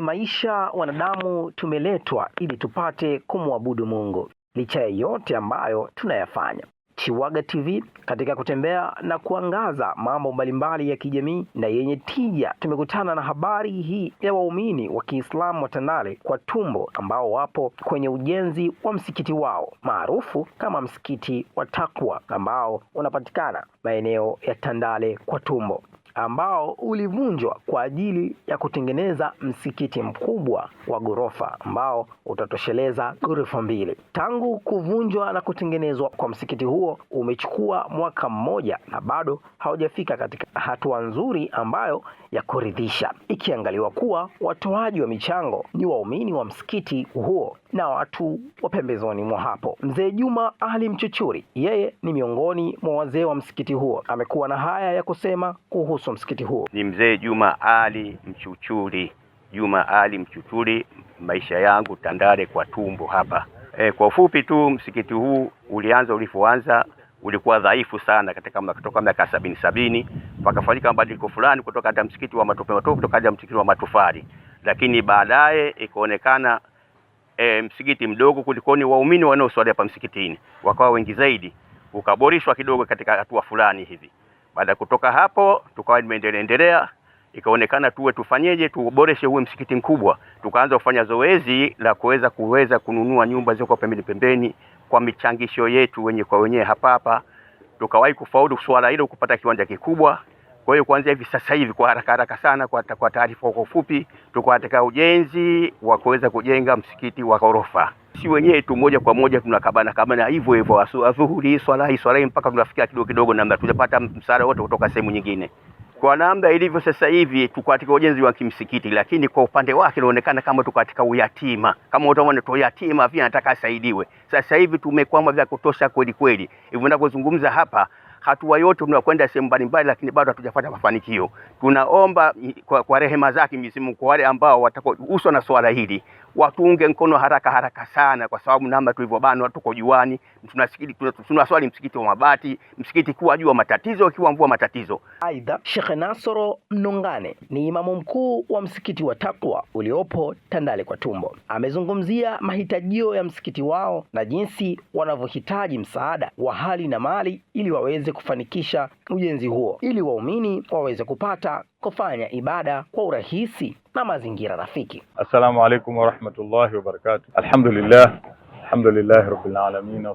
Kwenye maisha wanadamu tumeletwa ili tupate kumwabudu Mungu licha ya yote ambayo tunayafanya. Chiwaga TV katika kutembea na kuangaza mambo mbalimbali ya kijamii na yenye tija, tumekutana na habari hii ya waumini wa Kiislamu wa Tandale kwa Tumbo ambao wapo kwenye ujenzi wa msikiti wao maarufu kama msikiti wa Takwa ambao unapatikana maeneo ya Tandale kwa Tumbo ambao ulivunjwa kwa ajili ya kutengeneza msikiti mkubwa wa ghorofa ambao utatosheleza ghorofa mbili. Tangu kuvunjwa na kutengenezwa kwa msikiti huo umechukua mwaka mmoja na bado haujafika katika hatua nzuri ambayo ya kuridhisha, ikiangaliwa kuwa watoaji wa michango ni waumini wa msikiti huo na watu wa pembezoni mwa hapo. Mzee Juma Ali Mchuchuri, yeye ni miongoni mwa wazee wa msikiti huo, amekuwa na haya ya kusema kuhusu kuhusu msikiti huo ni mzee Juma Ali Mchuchuri. Juma Ali Mchuchuri, maisha yangu Tandale kwa tumbo hapa. E, kwa ufupi tu msikiti huu ulianza ulivyoanza ulikuwa dhaifu sana katika kutoka miaka sabini sabini pakafanyika mabadiliko fulani kutoka hata msikiti wa matope matope kutoka hata msikiti wa matofali, lakini baadaye ikaonekana e, msikiti mdogo kuliko ni waumini wanaoswali hapa msikitini wakawa wengi zaidi, ukaborishwa kidogo katika hatua fulani hivi. Baada ya kutoka hapo, tukawa endelea ikaonekana tuwe tufanyeje, tuboreshe huwe msikiti mkubwa. Tukaanza kufanya zoezi la kuweza kuweza kununua nyumba zilizoko pembeni pembeni kwa michangisho yetu wenye kwa wenyewe hapa hapa. Tukawahi kufaulu suala hilo kupata kiwanja kikubwa. Kwa hiyo kuanzia hivi sasa hivi kwa haraka haraka sana, kwa, kwa taarifa kwa ufupi, tuko katika ujenzi wa kuweza kujenga msikiti wa ghorofa. Si wenyewe tu moja kwa moja tunakabana kabana hivyo hivyo, adhuhuri swala hii swala mpaka tunafikia kidogo kidogo, namna tunapata msaada wote kutoka sehemu nyingine. Kwa namna ilivyo sasa hivi, tuko katika ujenzi wa kimsikiti, lakini kwa upande wake inaonekana kama tuko katika uyatima, kama utaona tu yatima pia anataka asaidiwe. Sasa hivi tumekwama vya kutosha kweli kweli, hivyo ninavyozungumza hapa hatua yote tunakwenda sehemu mbalimbali, lakini bado hatujapata mafanikio. Tunaomba kwa, kwa rehema zake Mwenyezi Mungu kwa wale ambao watakuswa na swala hili watuunge mkono haraka haraka sana, kwa sababu namna tulivyobanwa, tuko juani, tunaswali msikiti wa mabati, msikiti kuwa jua matatizo, kiwa mvua matatizo. Aidha, Sheikh Nasoro Mnungane ni imamu mkuu wa msikiti wa Takwa uliopo Tandale kwa Tumbo, amezungumzia mahitajio ya msikiti wao na jinsi wanavyohitaji msaada wa hali na mali ili waweze kufanikisha ujenzi huo ili waumini waweze kupata kufanya ibada kwa urahisi na mazingira rafiki. Assalamu alaikum warahmatullahi barakatuh. Alhamdulillah, Alhamdulillah rabbil alamin wa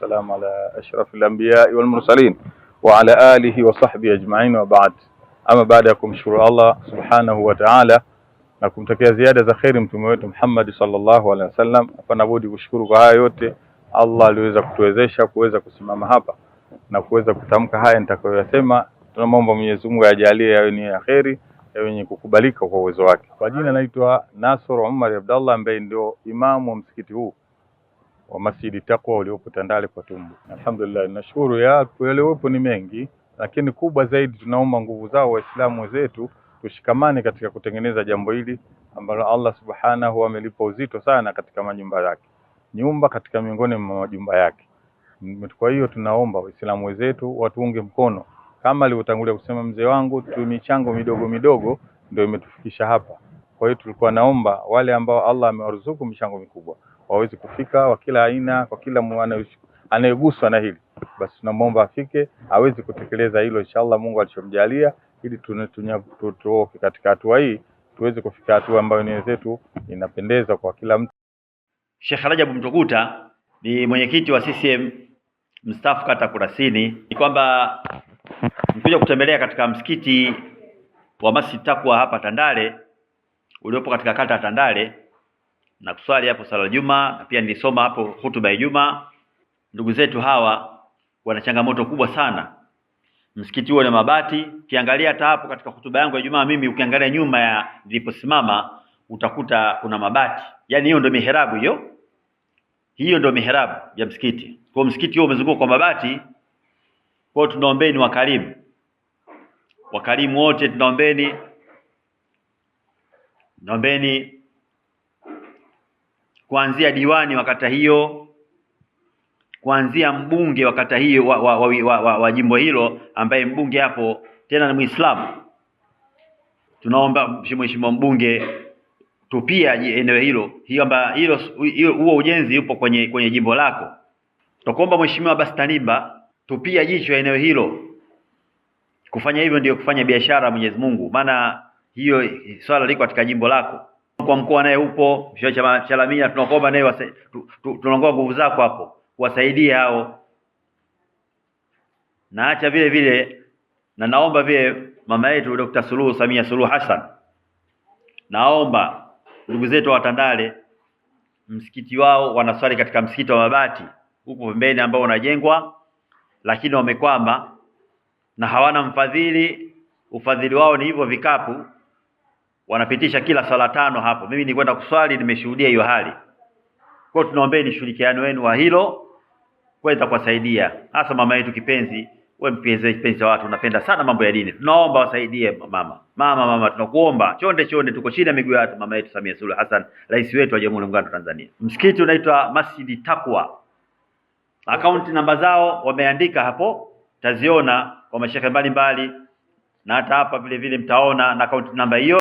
salam ala ashrafil anbiya wal mursalin wa ala alihi wa sahbihi ajma'in wa ba'd. Ama baada ya kumshukuru Allah subhanahu wa ta'ala na kumtakia ziada za kheri mtume wetu Muhammad sallallahu alaihi wasallam, hapana budi kushukuru kwa haya yote Allah aliweza kutuwezesha kuweza kusimama hapa na kuweza kutamka haya nitakayoyasema. Tunamwomba Mwenyezi Mungu ajalie yawe ni ya kheri ya eh, wenye kukubalika kwa uwezo wake. Kwa jina naitwa Nasr Omar Abdallah ambaye ndio imamu wa msikiti huu wa Masjidi Taqwa uliopo Tandale kwa Tumbu. Alhamdulillah, nashukuru ya yaliyopo ni mengi, lakini kubwa zaidi tunaomba nguvu zao Waislamu wenzetu tushikamane katika kutengeneza jambo hili ambalo Allah subhanahu amelipa uzito sana katika majumba yake, nyumba katika miongoni mwa majumba yake. Kwa hiyo tunaomba Waislamu wenzetu watuunge mkono kama alivyotangulia kusema mzee wangu, tu michango midogo midogo ndio imetufikisha hapa. Kwa hiyo tulikuwa naomba wale ambao Allah amewaruzuku michango mikubwa waweze kufika wa kila aina, kwa kila anayeguswa na hili basi, tunamwomba afike aweze kutekeleza hilo inshallah, Mungu alichomjalia, ili tutoke katika hatua hii tuweze kufika hatua ambayo ni zetu inapendeza kwa kila mtu. Sheikh Rajabu Mtukuta ni mwenyekiti wa CCM mstaafu kata Kurasini. Ni kwamba Nikuja kutembelea katika msikiti wa Masjid Taqwa hapa Tandale uliopo katika kata ya Tandale na kuswali hapo sala Juma, na pia nilisoma hapo hutuba ya Juma. Ndugu zetu hawa wana changamoto kubwa sana. Msikiti huo na mabati, ukiangalia hata hapo katika hutuba yangu ya Jumaa, mimi ukiangalia nyuma ya niliposimama utakuta kuna mabati, yaani hiyo ndio miherabu hiyo, hiyo ndio miherabu ya msikiti. Kwa msikiti huo umezungukwa kwa mabati. Kwa hiyo tunaombeni wakalimu, wakalimu wote tunaombeni, naombeni kuanzia diwani wa kata hiyo, kuanzia mbunge wa kata hiyo wa, wa, wa, wa, wa, jimbo hilo ambaye mbunge hapo tena ni Muislamu. Tunaomba mheshimiwa mbunge tupia eneo hilo hiyo amba hilo huo ujenzi upo kwenye kwenye jimbo lako. Tukomba mheshimiwa Bastanimba tupia jicho eneo hilo. Kufanya hivyo ndiyo kufanya biashara Mwenyezi Mungu, maana hiyo swala liko katika jimbo lako. Kwa mkoa naye upo Chalamila, tunakuomba naye tunaongoa nguvu zako hapo kuwasaidia hao, na acha vile vile, na naomba vile mama yetu Dr. Suluhu Samia Suluhu Hassan, naomba ndugu zetu Watandale msikiti wao wanaswali katika msikiti wa mabati huko pembeni ambao unajengwa lakini wamekwama na hawana mfadhili. Ufadhili wao ni hivyo vikapu, wanapitisha kila sala tano hapo. Mimi nilikwenda kuswali, nimeshuhudia hiyo hali. Kwa hiyo ni shirikiano wenu wa hilo, kwa kuwasaidia, hasa mama yetu kipenzi wewe mpenzi kipenzi watu unapenda sana mambo ya dini, tunaomba wasaidie mama mama mama, tunakuomba chonde chonde, tuko chini ya miguu ya mama yetu Samia Suluhu Hassan, rais wetu wa Jamhuri ya Muungano wa Tanzania. Msikiti unaitwa Masjid Taqwa. Akaunti namba zao wameandika hapo, taziona kwa mashehe mbalimbali na hata hapa vile vile mtaona na akaunti namba hiyo.